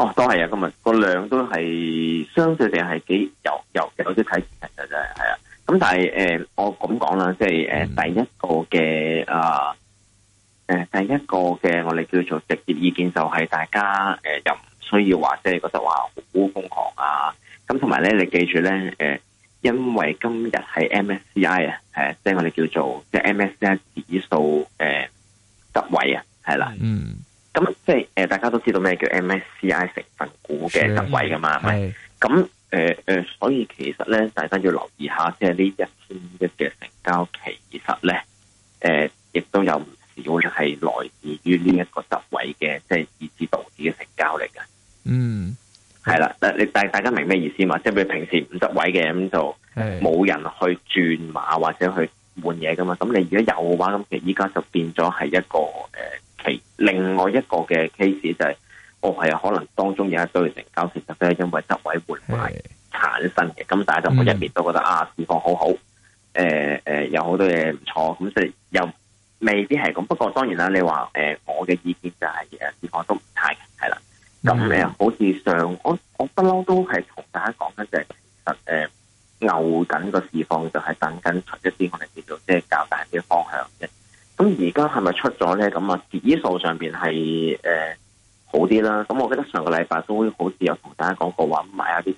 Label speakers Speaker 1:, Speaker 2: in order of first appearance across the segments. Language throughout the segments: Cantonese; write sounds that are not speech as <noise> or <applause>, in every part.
Speaker 1: 哦，都係啊！今日個量都係相對地係幾有有有啲睇法嘅真係，係啊！咁但係誒、呃，我咁講啦，即係誒、嗯、第一個嘅啊誒第一個嘅我哋叫做直接意見就係大家誒、呃、又唔需要話即係覺得話好瘋狂啊！咁同埋咧，你記住咧誒、呃，因為今日係 MSCI 啊，誒即係我哋叫做即係 MSCI 指數誒得位啊，係啦，嗯。咁即係誒，大家都知道咩叫 MSCI 成分股嘅得位噶嘛，係咪？咁誒誒，所以其實咧，大家要留意一下，即係呢一千億嘅成交期，其實咧誒，亦、呃、都有唔少係來自於呢一個得位嘅，即係以至導致嘅成交嚟嘅。嗯，係啦，嗱，你大大家明咩意思嘛？即係譬如平時唔得位嘅，咁就冇人去轉碼或者去換嘢噶嘛，咁你如果有嘅話，咁其實依家就變咗係一個誒。呃其另外一個嘅 case 就係、是，我係可能當中有一堆成交，其實都係因為執位換埋的產生嘅。咁但家係就我一面都覺得、mm hmm. 啊，市況好好，誒誒有好多嘢唔錯。咁即係又未必係咁。不過當然啦，你話誒、呃，我嘅意見就係、是、誒市況都唔太係啦。咁誒、mm hmm，好似上我我不嬲都係同大家講緊就係、是，其實誒、呃、牛緊個市況就係等緊一啲我哋叫做即係較大啲方向啫。咁而家係咪出咗咧？咁啊，指數上邊係誒好啲啦。咁我記得上個禮拜都好似有同大家講過話，買一啲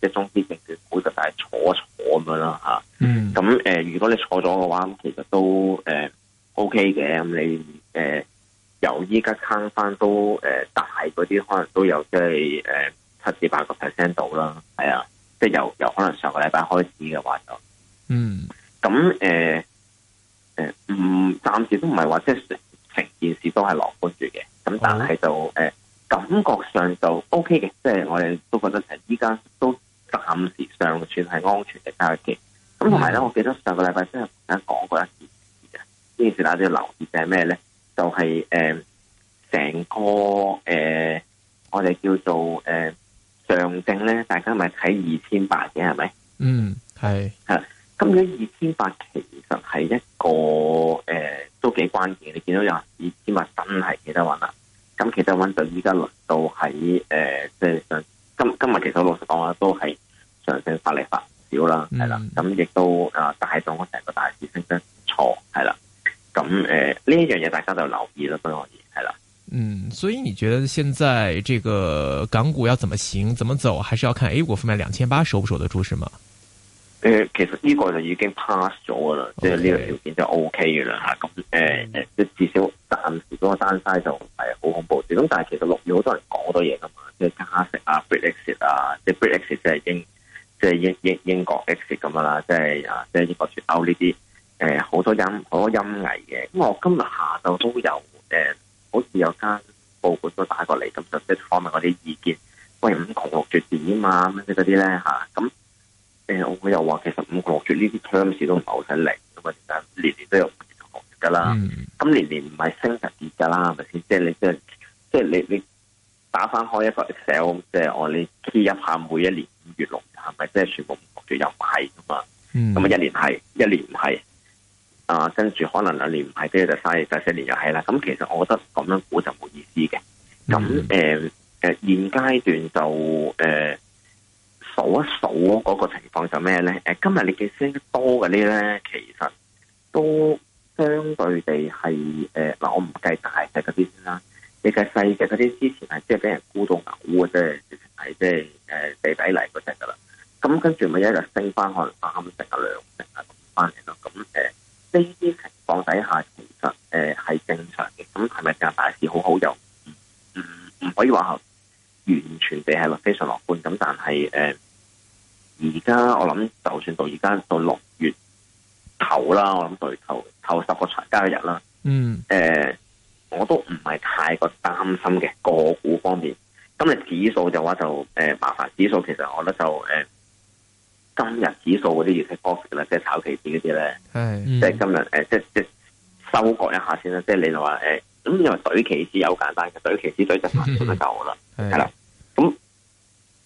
Speaker 1: 即係中資證券，股就大坐一坐咁樣啦嚇。嗯。咁、呃、誒，如果你坐咗嘅話，咁其實都誒、呃、OK 嘅。咁你誒、呃、由依家慳翻都誒、呃、大嗰啲，可能都有即係誒七至八個 percent 到啦。係啊，即係由由可能上個禮拜開始嘅話就嗯。咁、呃、誒。誒，唔暫、呃、時都唔係話即係成件事都係樂觀住嘅，咁但係就誒、oh. 呃、感覺上就 O K 嘅，即係我哋都覺得係依家都暫時尚算係安全嘅交易嘅。咁同埋咧，mm. 我記得上個禮拜真係同大家講過一件事嘅，呢件事大家都要留意就係咩咧？就係誒成個誒、呃、我哋叫做誒上證咧，大家咪睇二千八嘅係咪？嗯，
Speaker 2: 係吓、
Speaker 1: mm. 是。 <laughs> 咁樣二千八其實係一個誒、呃、都幾關鍵，你見到有二千八真係幾得穩啦。咁其得穩、呃、就依家輪到喺誒即係上今日今日其實老實講啦，都係上升發力發少啦，係啦。咁亦、嗯嗯、都誒、呃、帶動成個大市升得唔錯，係啦。咁誒呢一樣嘢大家就留意啦，都可以係啦。
Speaker 2: 嗯，所以你覺得現在這個港股要怎麼行、怎麼走，還是要看 A 股方面兩千八守不守得住，是嗎？
Speaker 1: 誒、嗯，其實呢個就已經 pass 咗噶啦，即係呢個條件就 O K 噶啦吓。咁誒，即係至少暫時嗰個單 s 就係好恐怖。咁但係其實六月好多人講好多嘢噶嘛，即係加息啊，Brexit 啊，即係 Brexit 即係英即係英英英國 exit 咁啊啦，即係啊即係英國脱歐呢啲誒，好多陰好多陰翳嘅。咁我今日下晝都有誒、欸，好似有間報館都打過嚟，咁、嗯、就即係訪問啲意見。喂，五窮六絕點啊？咩嗰啲咧吓？咁、啊。嗯誒、欸，我又話其實五六月呢啲 terms 都唔係好使嚟，咁啊年年都有五六月噶啦，咁、mm. 年年唔係升就跌噶啦，係咪先？即、就、係、是、你即係即係你你打翻開一個 Excel，即係我你 key 一下每一年五月六係咪即係全部五六月又買噶嘛？咁啊、mm. 一年係，一年唔係，啊跟住可能兩年唔係，跟住就三年、四年又係啦。咁其實我覺得咁樣估就冇意思嘅。咁誒誒，現階段就誒。呃數一數嗰個情況就咩咧？誒，今日你嘅升多嘅啲咧，其實都相對地係誒、呃，我唔計大隻嗰啲先啦，你計細隻嗰啲之前係即係俾人沽到嘔嘅啫，係即係誒地底泥嗰、嗯嗯、隻噶啦。咁跟住咪一日升翻，可能三成啊兩成啊翻嚟咯。咁誒呢啲情況底下，其實誒係、呃、正常嘅。咁係咪就大市好好用？唔、嗯、唔可以話完全地係非常樂觀，咁但係誒。呃而家我諗，就算到而家到六月頭啦，我諗到頭頭十個財交嘅日啦。嗯，誒、呃，我都唔係太過擔心嘅個股方面。今日指數嘅話就誒、呃、麻煩，指數其實我覺得就誒、呃、今日指數嗰啲越睇波嘅啦，即係炒期指嗰啲咧，即係今日誒，即即收割一下先啦。即係你話誒咁，因為懟期指有簡單嘅懟期指懟就翻咁、嗯嗯、就夠啦，
Speaker 3: 係啦是
Speaker 1: 的。咁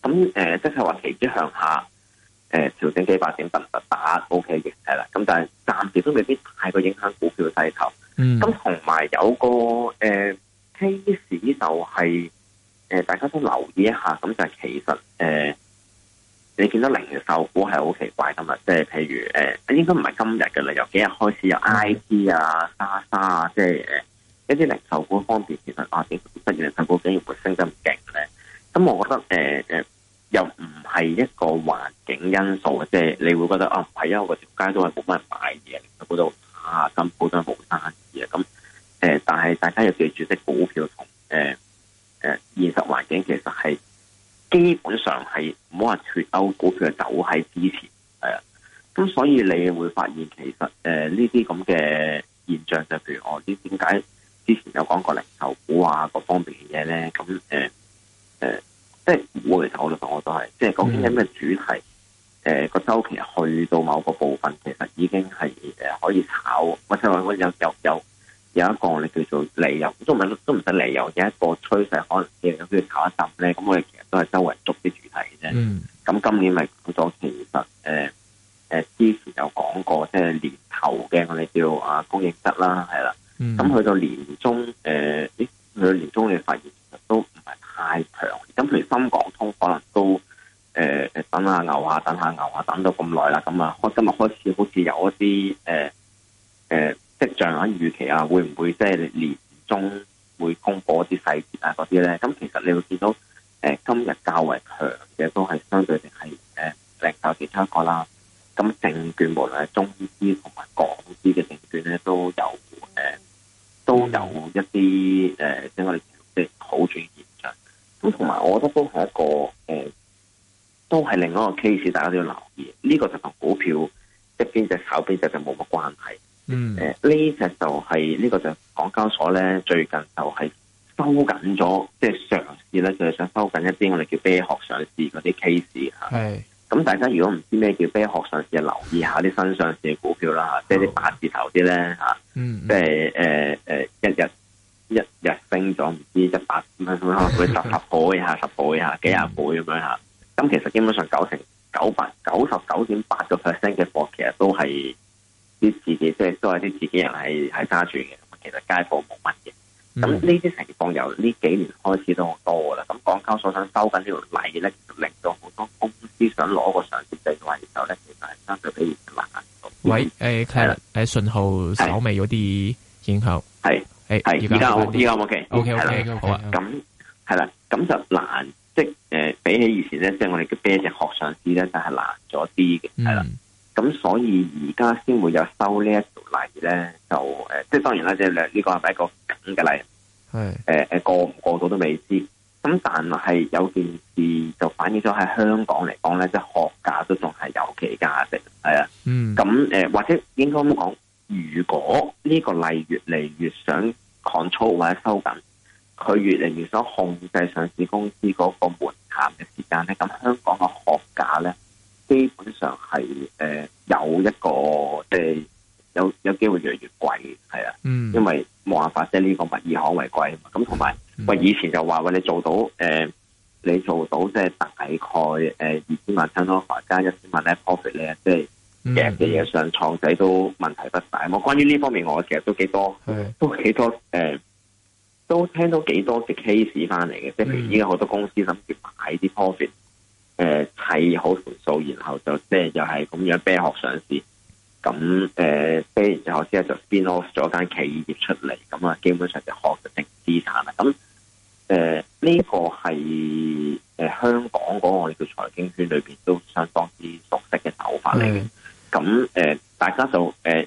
Speaker 1: 咁誒，即係話期指向下。誒，調整期發展就唔得打，O K 嘅係啦。咁但係暫時都未必太過影響股票嘅勢頭。咁同埋有一個誒、呃、case 就係、是、誒、呃，大家都留意一下。咁就係、是、其實誒、呃，你見到零售股係好奇怪噶嘛？即、就、係、是、譬如誒、呃，應該唔係今日嘅啦，由幾日開始有 I T 啊、莎莎啊，即係誒一啲零售股方面其實發展，即、啊、係零售股竟然會升得咁勁咧。咁我覺得誒誒。呃呃又唔係一個環境因素嘅，即係你會覺得啊，唔係啊，我條街都係冇乜人買嘢，喺嗰度打下針，鋪冇鋪生意啊，咁誒，但係大家要記住，即股票同誒誒現實環境其實係基本上係冇人脫歐，股票走喺之前。係啊，咁所以你會發現其實誒呢啲咁嘅現象就是、譬如我啲點解？哦主題，誒個週期去到某個部分，其實已經係誒、呃、可以炒。我即我有有有有一個我哋叫做理由，都唔係都唔使理由嘅一個趨勢，可能即係咁炒一陣咧。咁我哋其實都係周圍捉啲主題嘅啫。咁、mm. 今年咪講咗其實誒誒、呃呃、之前有講過，即係年頭嘅我哋叫啊供應側啦，係啦。咁去、mm. 到年中誒，去、呃、到年中你發現其實都唔係太強。咁譬如深港通可能都。誒誒、呃，等下牛啊，等下牛啊，等到咁耐啦，咁、嗯、啊，開今日開始好似有一啲誒誒跡象啊，預期啊，會唔會即係年中會公布一啲細節啊嗰啲咧？咁、嗯、其實你會見到誒今日較為強嘅都係相對性係誒另就其他一個啦。咁、嗯、證券無論係中資同埋港資嘅證券咧，都有誒、呃、都有一啲誒、呃、即係我哋即好轉現象。咁同埋，我覺得都係一個。都係另外一個 case，大家都要留意。呢、這個就同股票一邊隻手邊隻就冇乜關係。嗯、呃。誒，呢隻就係、是、呢、這個就港交所咧，最近就係收緊咗，即係嘗試咧，就係、是就是、想收緊一啲我哋叫啤殼上市嗰啲 case 咁大家如果唔知咩叫啤殼上市，就留意下啲新上市嘅股票啦，即係啲八字頭啲咧，即係一日一日升咗唔知一百蚊啦，會、啊、十,十倍嚇、十倍嚇、幾廿倍咁樣。咁其實基本上九成九百九十九點八個 percent 嘅貨，其實都係啲自己，即係都係啲自己人係係揸住嘅。其實街貨冇乜嘅。咁呢啲情況由呢幾年開始都好多噶啦。咁港交所想收緊呢條例咧，令到好多公司想攞個上市地位嘅時候咧，其實相對比較難。
Speaker 2: 嗯、喂，誒 Clement，誒訊號稍微有啲影響。係是，誒係、欸，而家好，而家 OK，OK，好啦，咁
Speaker 1: 係 OK, 啦，咁就難。即係誒、呃，比起以前咧，即係我哋嘅啤殼上市咧，就係、是、難咗啲嘅，係啦、嗯。咁所以而家先會有收這一呢一條例咧，就誒、呃，即係當然啦，即係呢個係咪一個緊嘅例，係誒誒，過唔過到都未知。咁但係有件事就反映咗喺香港嚟講咧，即係殼價都仲係有其價值，係啊。咁誒、嗯嗯呃，或者應該咁講，如果呢個例越嚟越想 control 或者收緊。佢越嚟越想控制上市公司嗰個門檻嘅時間咧，咁香港嘅殼價咧，基本上係誒、呃、有一個即係、呃、有有機會越嚟越貴，係啊，嗯、因為冇辦法，即係呢個物以罕為貴啊嘛。咁同埋喂，以前就話喂你做到誒、呃、你做到即係大概誒二千萬蚊咯、呃，2, 3, 加一千萬咧 profit 咧、嗯，即係嘅嘅嘢上創仔都問題不大。我關於呢方面，我其實都幾多，
Speaker 3: 的都幾多誒。
Speaker 1: 呃都聽到幾多隻 case 翻嚟嘅，即係依家好多公司諗住買啲 profit 誒睇好盤數，然後就即係又係咁樣啤殼上市，咁誒啤完之後之後就 spin off 咗間企業出嚟，咁啊基本上就殼就成資產啦。咁誒呢個係香港嗰、那個我哋叫財經圈裏面都相當之熟悉嘅手法嚟嘅。咁誒、mm hmm. 呃、大家就誒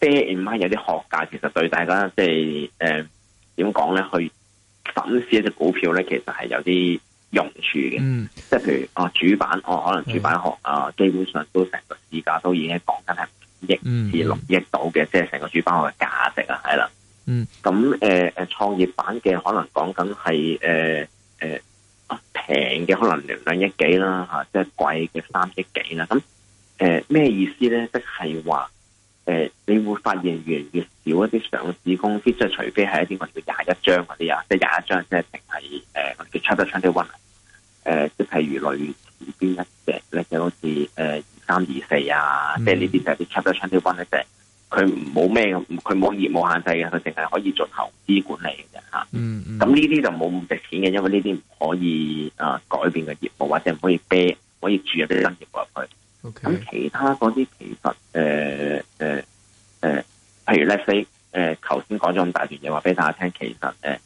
Speaker 1: bear in mind 有啲學界其實對大家即係誒。就是點講咧？去審視一隻股票咧，其實係有啲用處嘅。即係、嗯、譬如哦，主板哦，可能主板殼啊，基本上都成個市價都已經講緊係億至六億到嘅，即係成個主板殼嘅價值啊，係啦。嗯。咁誒誒，創業板嘅可能講緊係誒誒，啊平嘅可能兩兩億幾啦，吓，即係貴嘅三億幾啦。咁誒咩意思咧？即係話。誒、呃，你會發現越嚟越少一啲上市公司，即係除非係一啲我哋叫廿一張嗰啲啊，即係廿一張即係淨係誒，我、呃、哋叫 chapter twenty-one，誒，即係譬如類似邊一隻咧，就好似誒二三二四啊，mm hmm. 即係呢啲就係啲 chapter twenty-one，一隻，佢冇咩，佢冇業務限制嘅，佢淨係可以做投資管理嘅吓。咁呢啲就冇咁值錢嘅，因為呢啲唔可以啊、呃、改變個業務或者唔可以啤，可以注入啲新業務入去。咁 Okay. 其他啲其實誒誒誒，譬、呃呃呃、如咧，飛、呃、誒，頭先講咗咁大段嘢話俾大家聽，其實誒誒、呃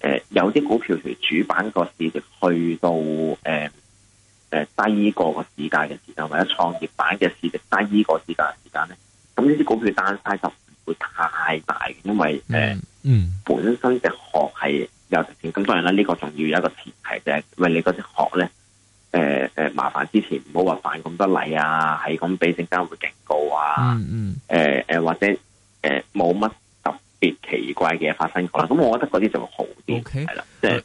Speaker 1: 呃，有啲股票其主板個市值去到誒誒、呃呃、低過個市價嘅時間或者創業板嘅市值低過市價時間咧，咁呢啲股票單 s 就唔會太大，因為誒嗯、mm
Speaker 3: hmm.
Speaker 1: 呃、本身隻殼係有值錢，咁當然啦，呢、這個仲要有一個前提嘅，喂你嗰隻殼咧。誒誒、呃，麻煩之前唔好話犯咁多例啊，係咁俾證監會警告啊，誒誒、嗯嗯呃，或者誒冇乜特別奇怪嘅嘢發生過啦，咁、啊、我覺得嗰啲就會好啲，係啦 okay,，即、呃、係。Okay.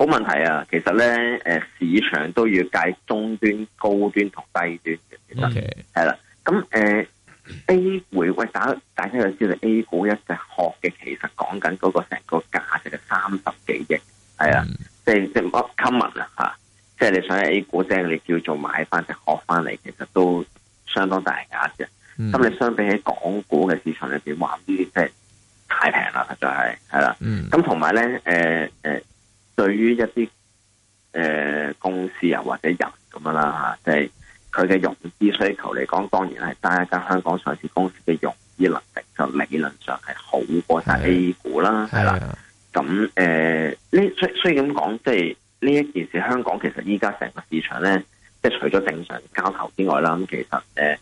Speaker 1: 冇問題啊，其實咧，誒、呃，市場都要介中端、高端同低端嘅，其實係啦。咁誒
Speaker 3: Okay.、呃、
Speaker 1: ，A 股喂，大家大家又知道 A 股一隻殼嘅，其實講緊嗰個成個價值嘅三十幾億，係、mm. 就是、啊，即即唔 common 啊吓，即係你想喺 A 股即係你叫做買翻隻殼翻嚟，其實都相當大價嘅。咁、mm. 你相比起港股嘅市場入邊，話呢啲即係太平啦，實在係係啦。咁同埋咧，誒誒、mm.。對於一啲誒、呃、公司又、啊、或者人咁樣啦嚇，即係佢嘅融資需求嚟講，當然係單一間香港上市公司嘅融資能力就理論上係好過晒 A 股啦，係啦的。咁誒的，呢雖雖然咁講，即係呢一件事，香港其實依家成個市場咧，即係除咗正常交投之外啦，咁其實誒誒。呃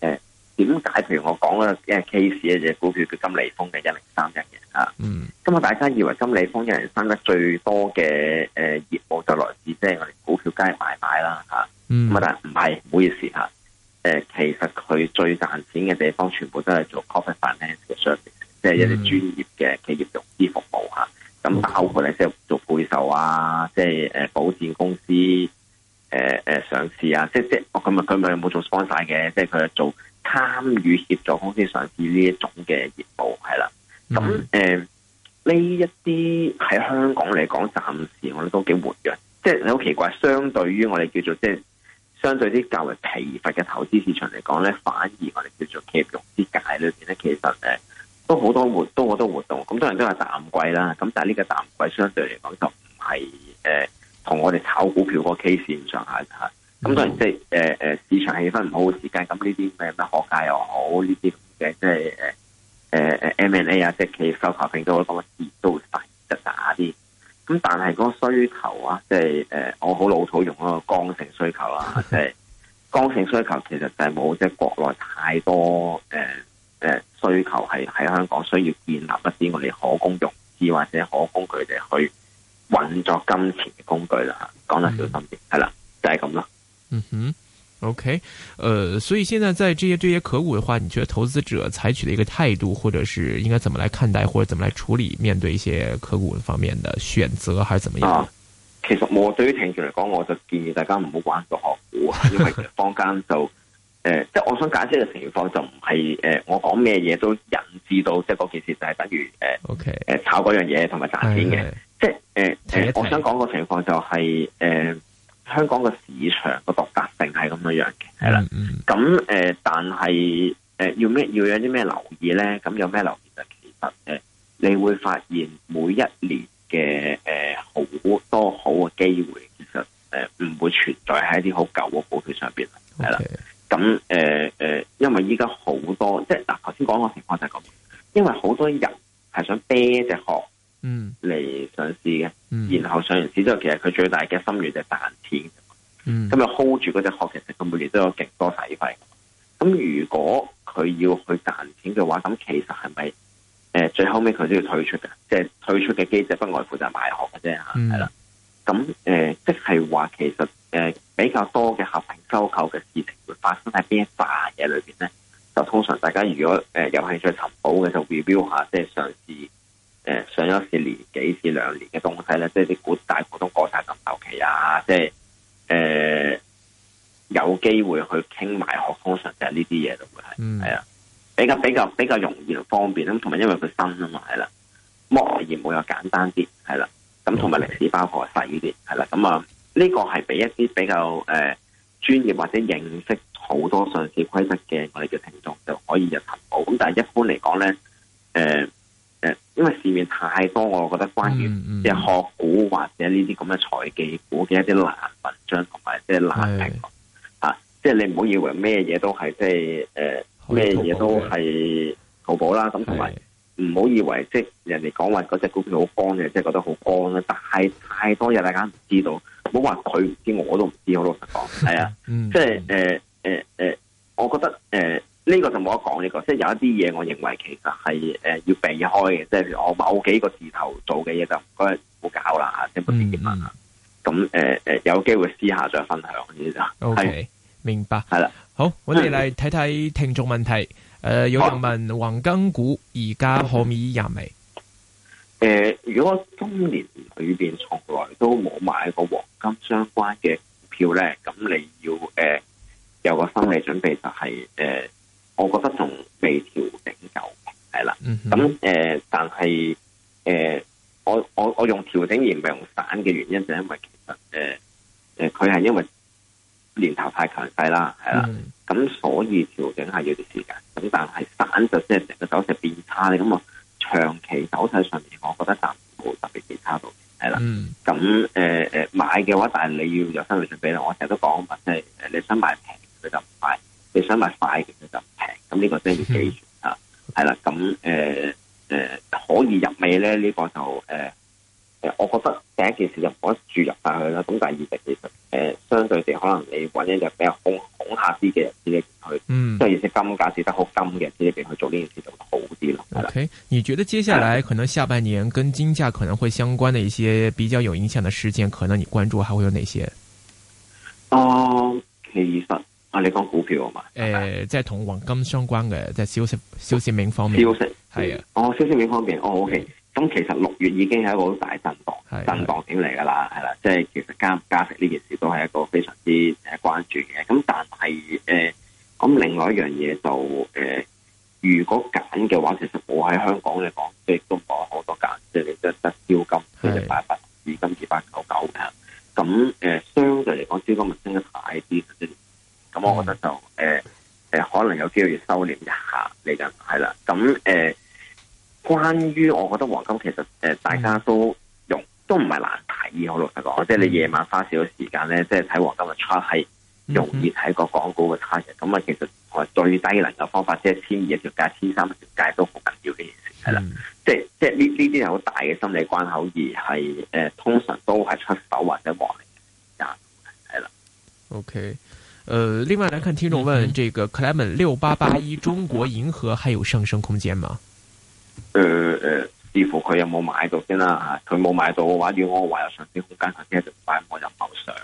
Speaker 1: 呃點解？譬如我講嗰個 case 咧，就股票叫金利峰嘅一零三一嘅吓。咁啊、嗯，大家以為金利峰一人生得最多嘅誒業務就來自即係我哋股票街買賣啦吓。咁啊、嗯，但係唔係，唔好意思吓。誒，其實佢最賺錢嘅地方，全部都係做 c o f f e e finance 嘅 s e 即係一啲專業嘅企業融資服務吓。咁、嗯、包括咧、就是，即係做配售啊，即係誒保險公司誒誒上市啊，即即咁啊，佢咪有冇做 sponsor 嘅？即係佢係做。參與協助公司上市呢一種嘅業務係啦，咁誒呢一啲喺香港嚟講，暫時我哋都幾活躍。即係你好奇怪，相對於我哋叫做即係相對啲較為疲乏嘅投資市場嚟講咧，反而我哋叫做企業融資界裏邊咧，其實誒、呃、都好多活，多好多活動。咁當然都話淡季啦，咁但係呢個淡季相對嚟講就唔係誒同我哋炒股票嘅個 K 線上下咁當然即係誒、呃、市場氣氛唔好嘅時間，咁呢啲咩咩學界又好，呢啲嘅即係誒 M&A 啊，即係其需求變咗嗰個熱度大就大啲。咁但係嗰個需求啊，即係誒我好老土，用嗰個剛性需求啦，即係的剛性需求其實就係冇即係國內太多誒、呃、需求係喺香港需要建立一啲我哋可供融資或者可供佢哋去運作金錢嘅工具啦。講得小心啲，係啦、嗯，就係咁啦。
Speaker 2: 嗯哼，OK，呃，所以現在在這些這些殼股的話，你覺得投資者採取的一個態度，或者是應該怎麼來看待，或者怎麼來處理面對一些殼股方面的選擇，還是怎麼樣？啊，
Speaker 1: 其實我對於程序嚟講，我就建議大家唔好關注殼股，因為坊間就誒、 <laughs> 呃，即係我想解釋嘅情況就唔係誒，我講咩嘢都引致到即係嗰件事就係等於誒、呃，OK，誒炒嗰樣嘢同埋賺錢嘅，哎哎即係誒，呃、停停我想講個情況就係、是、誒。呃。香港個市場個獨特性係咁樣樣嘅，係啦。咁誒、mm hmm. 呃，但係誒、呃，要咩要有啲咩留意咧？咁有咩留意啊？其實誒、呃，你會發現每一年嘅誒、呃、好多好嘅機會，其實誒唔、呃、會存在喺啲好舊嘅股票上邊啦。係啦。咁誒誒，因為依家好多即係嗱頭先講個情況就係咁，因為好多人係想啤隻殼嗯嚟上市嘅。Mm hmm. 嗯、然後上完市之後，其實佢最大嘅心願就係賺錢。嗯，咁咪 hold 住嗰隻殼，其實佢每年都有極多使費。咁如果佢要去賺錢嘅話，咁其實係咪誒最後尾佢都要退出嘅？即、就、係、是、退出嘅機制不外乎、嗯呃、就係賣殼嘅啫吓，係啦。咁誒，即係話其實誒比較多嘅合併收購嘅事情會發生喺邊一塊嘢裏邊咧？就通常大家如果誒有興趣尋寶嘅，就 review 下即係、就是、上。上咗四年幾至兩年嘅東西咧，即係啲古大股都過晒咁後期啊，即係誒、呃，有機會去傾埋學，通常就係呢啲嘢就會係係啊，比較比較比較容易方便咁，同埋因為佢新啊嘛係啦，剝易冇有簡單啲係啦，咁同埋歷史包袱又細啲係啦，咁啊呢、這個係俾一啲比較誒專、呃、業或者認識好多上市規則嘅我哋嘅聽眾就可以入行到，咁但係一般嚟講咧誒。呃誒，因為市面太多，我覺得關於即係學股或者呢啲咁嘅財技股嘅一啲爛文章同埋即係爛評咯，吓、呃，即係你唔好以為咩嘢都係即係誒咩嘢都係淘寶啦，咁同埋唔好以為即係人哋講話嗰隻股票好乾嘅，即係覺得好乾咧。但係太多嘢，大家唔知道，唔好話佢唔知，我都唔知。我老實講，係啊，即係誒誒誒，我覺得誒。呃呢個就冇得講，呢、這個即係有一啲嘢，我認為其實係誒、呃、要避開嘅，即係我某幾個字頭做嘅嘢就唔該唔好搞啦，即係、嗯、
Speaker 2: 唔好掂啦。
Speaker 1: 咁誒誒，有機會私下再分享呢啲啦。Okay,
Speaker 2: 明白，係啦的，好，我哋嚟睇睇聽眾問題。誒、嗯呃，有人問黃金股而家可唔可以入？未
Speaker 1: 誒、呃，如果今年裏邊從來都冇買過黃金相關嘅股票咧，咁你要誒、呃、有個心理準備、就是，就係誒。我覺得仲未調整夠，係啦。咁誒、mm hmm. 呃，但係誒、呃，我我我用調整而唔係用散嘅原因，就係因為其實誒誒，佢、呃、係、呃、因為年頭太強勢啦，係啦。咁、mm hmm. 所以調整係要啲時間。咁但係散就即係成個走勢變差咧。咁我長期走勢上面，我覺得暫冇特別變差到。係啦。咁誒誒，買嘅話，但係你要有心理準備啦。我成日都講，即係誒，你想買平佢就唔買。你想買快其實就平，咁呢個真係要記住啊，係啦、嗯，咁誒誒可以入味咧，呢、這個就誒誒、呃，我覺得第一件事就唔好注入曬佢啦。咁第二隻其實誒、呃、相對地可能你揾一隻比較恐恐嚇啲嘅日子去，即係黃金價市得，得好金嘅啲嘢俾佢做呢件事就好啲啦。OK，
Speaker 2: 你覺得接下來可能下半年跟金價可能會相關的一些比較有影響嘅事件，可能你關注還會有哪些？即係同黃金相關嘅，即係消息、消息面方面。
Speaker 1: 消息係啊，哦消息面方面，哦 OK，啊。咁其實六月已經係一個好大震盪，震蕩點嚟噶啦，係啦、啊。即係、啊、其實加唔加息呢件事都係一個非常之誒關注嘅。咁但係誒，咁、呃、另外一樣嘢就誒、呃，如果揀嘅話，其實我喺香港嚟講，即係都講。要收斂一下你就係啦。咁誒、呃，關於我覺得黃金其實誒、呃，大家都用都唔係難睇，好老實講、mm hmm.，即係你夜晚花少少時間咧，即係睇黃金嘅差係容易睇過港股嘅差嘅。咁啊，其實我最低能嘅方法、mm hmm. 即，即係千二一條街、千三一條街都好緊要嘅嘢，係啦。即係即係呢呢啲係好大嘅心理關口而，而係誒通常都係出手或者賣，但
Speaker 2: 係啦。OK。呃，另外來看，聽眾問，嗯、這個 Clement 六八八一中國銀河還有上升空間嗎？
Speaker 1: 呃，呃睇下佢有冇買到先啦，佢冇買到嘅話，要我話有上升空間，佢聽日買我就冇上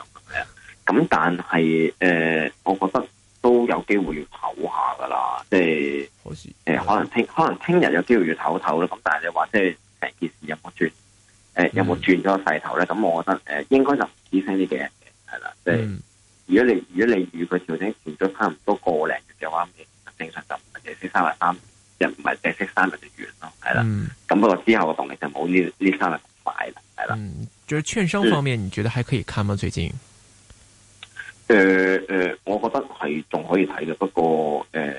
Speaker 1: 咁，但係誒、呃，我覺得都有機會要唞下噶啦，即係誒像、呃，可能聽可能聽日有機會要唞唞啦。咁但係你話即係成件事有冇轉？誒、嗯、呃，有冇轉咗個勢頭咧？咁我覺得誒、呃，應該就唔止幾聲啲嘅係啦，即係。如果你如果你預佢調整調整差唔多過零嘅話，正常就唔係跌息三日啱，亦唔係跌息三日就完咯，係啦。咁不過、嗯、之後嘅動力就冇呢呢三日咁快啦，係啦、嗯。
Speaker 2: 就係券商方面，的你覺得還可以看嗎？最近、
Speaker 1: 呃？誒、呃、我覺得係仲可以睇嘅，不過、呃、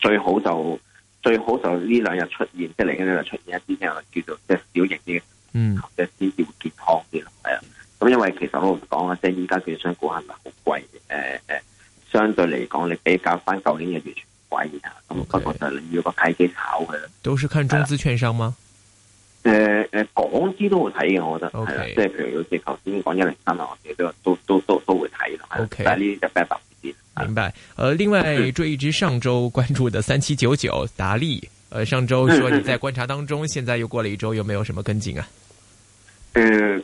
Speaker 1: 最好就最好就呢兩日出、嗯、出現，即係嚟緊兩日出現一啲就叫做即係小型啲，嗯，或者啲叫健康啲，係啊。咁因為其實我會講啊，即係依家券商股係咪好貴？誒誒、呃，相對嚟講，你比較翻舊年嘅完全唔貴。咁我覺得你要個契機炒佢，
Speaker 2: 都是看中資券商嗎？誒
Speaker 1: 誒、呃呃，港資都會睇嘅，我覺得即係譬如好似頭先講一零三啊，我哋都都都都都會睇 OK，
Speaker 2: 明白。呃，另外追一支上周關注嘅三七九九達利，呃，上周說你在觀察當中， <laughs> 現在又過了一周，有沒有什麼跟進啊？呃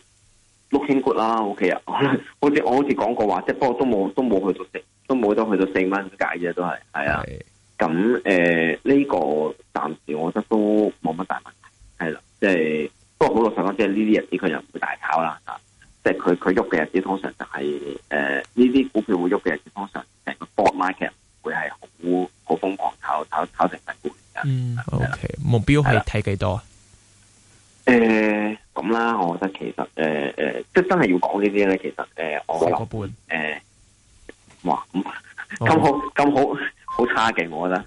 Speaker 2: 天 g 啦
Speaker 1: ，O K 啊，好似我好似講過話，即係不過都冇都冇去到四，都冇得去到四蚊解啫，都係係啊。咁呢的、呃呢個暫時我覺得都冇乜大問題，係啦，即係不過好老實講，即係呢啲日子佢就唔會大炒啦，即係佢佢喐嘅日子通常就係誒呢啲股票會喐嘅日子，通常成個 board market 會係好好瘋狂炒炒炒成成股嘅。嗯、o、
Speaker 2: okay, K，的目標係睇幾多啊？
Speaker 1: 誒，咁啦，我覺得其實，誒，誒，即係真係要講呢啲咧，其實，誒，我諗，半誒，哇，咁 Okay. 好，咁好，
Speaker 3: 好差勁，我覺得。